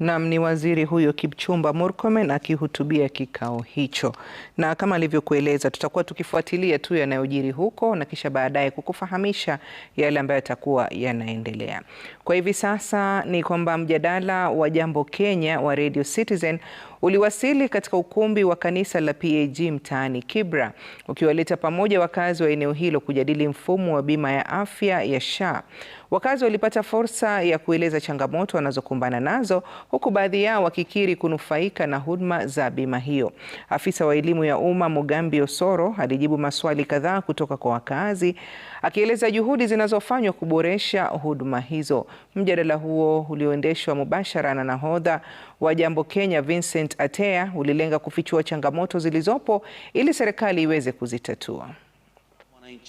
Nam ni waziri huyo Kipchumba Murkomen akihutubia kikao hicho, na kama alivyokueleza, tutakuwa tukifuatilia tu yanayojiri huko na kisha baadaye kukufahamisha yale ambayo yatakuwa yanaendelea. Kwa hivi sasa ni kwamba mjadala wa Jambo Kenya wa Radio Citizen uliwasili katika ukumbi wa kanisa la PAG mtaani Kibra, ukiwaleta pamoja wakazi wa eneo hilo kujadili mfumo wa bima ya afya ya SHA. Wakazi walipata fursa ya kueleza changamoto wanazokumbana nazo, huku baadhi yao wakikiri kunufaika na huduma za bima hiyo. Afisa wa elimu ya umma Mugambi Osoro alijibu maswali kadhaa kutoka kwa wakazi, akieleza juhudi zinazofanywa kuboresha huduma hizo. Mjadala huo ulioendeshwa mubashara na nahodha wa Jambo Kenya Vincent Atea ulilenga kufichua changamoto zilizopo ili serikali iweze kuzitatua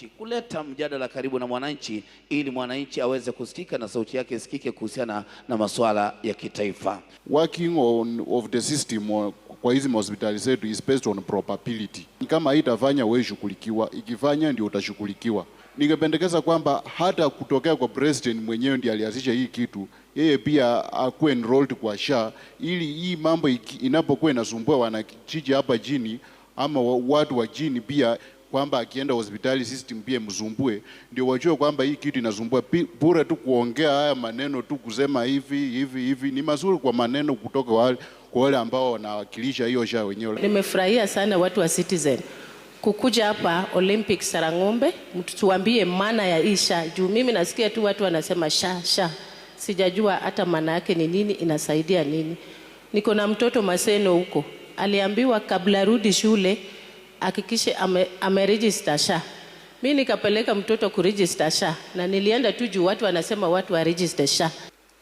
mwananchi, kuleta mjadala karibu na mwananchi, ili mwananchi aweze kusikika na sauti yake isikike kuhusiana na masuala ya kitaifa. Working on, of the system uh, kwa hizi mahospitali zetu is based on probability. Kama itafanya wewe shughulikiwa, ikifanya ndio utashughulikiwa. Ningependekeza kwamba hata kutokea kwa president mwenyewe ndiye alianzisha hii kitu, yeye pia akuwe enrolled kwa SHA ili hii mambo inapokuwa inasumbua wanakijiji hapa chini ama watu wa chini pia kwamba akienda hospitali sisi timpie mzumbue, ndio wajue kwamba hii kitu inasumbua. Bure tu kuongea haya maneno tu kusema hivi hivi hivi, ni mazuri kwa maneno kutoka wale, kwa wale ambao wanawakilisha hiyo sha wenyewe. Nimefurahia sana watu wa Citizen kukuja hapa Olympic Sarang'ombe, mtutuambie maana ya hii sha, juu mimi nasikia tu watu wanasema sha sha, sijajua hata maana yake ni nini, inasaidia nini. Niko na mtoto Maseno huko aliambiwa kabla rudi shule hakikishe ame, SHA. Mi nikapeleka mtoto kurejista SHA na nilienda tu juu watu wanasema watu wa register SHA.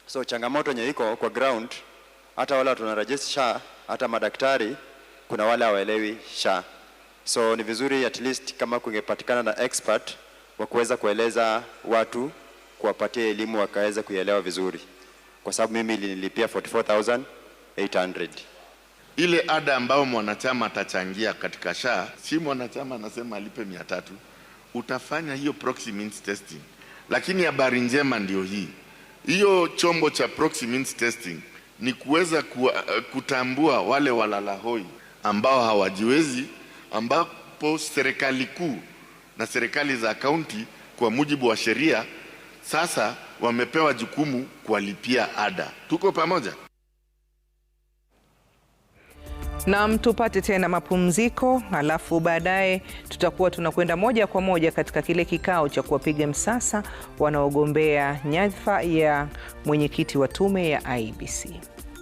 So changamoto yenye iko kwa ground, hata wale watu register SHA, hata madaktari kuna wale hawaelewi SHA. So ni vizuri at least kama kungepatikana na expert wa kuweza kueleza watu, kuwapatia elimu wakaweza kuielewa vizuri, kwa sababu mimi nililipia 44800 ile ada ambayo mwanachama atachangia katika SHA, si mwanachama anasema alipe mia tatu, utafanya hiyo proxy means testing. Lakini habari njema ndio hii, hiyo chombo cha proxy means testing ni kuweza kutambua wale walalahoi ambao hawajiwezi, ambapo serikali kuu na serikali za kaunti kwa mujibu wa sheria sasa wamepewa jukumu kuwalipia ada. Tuko pamoja? Naam, tupate tena mapumziko, alafu baadaye tutakuwa tunakwenda moja kwa moja katika kile kikao cha kuwapiga msasa wanaogombea nyadhifa ya mwenyekiti wa tume ya IEBC.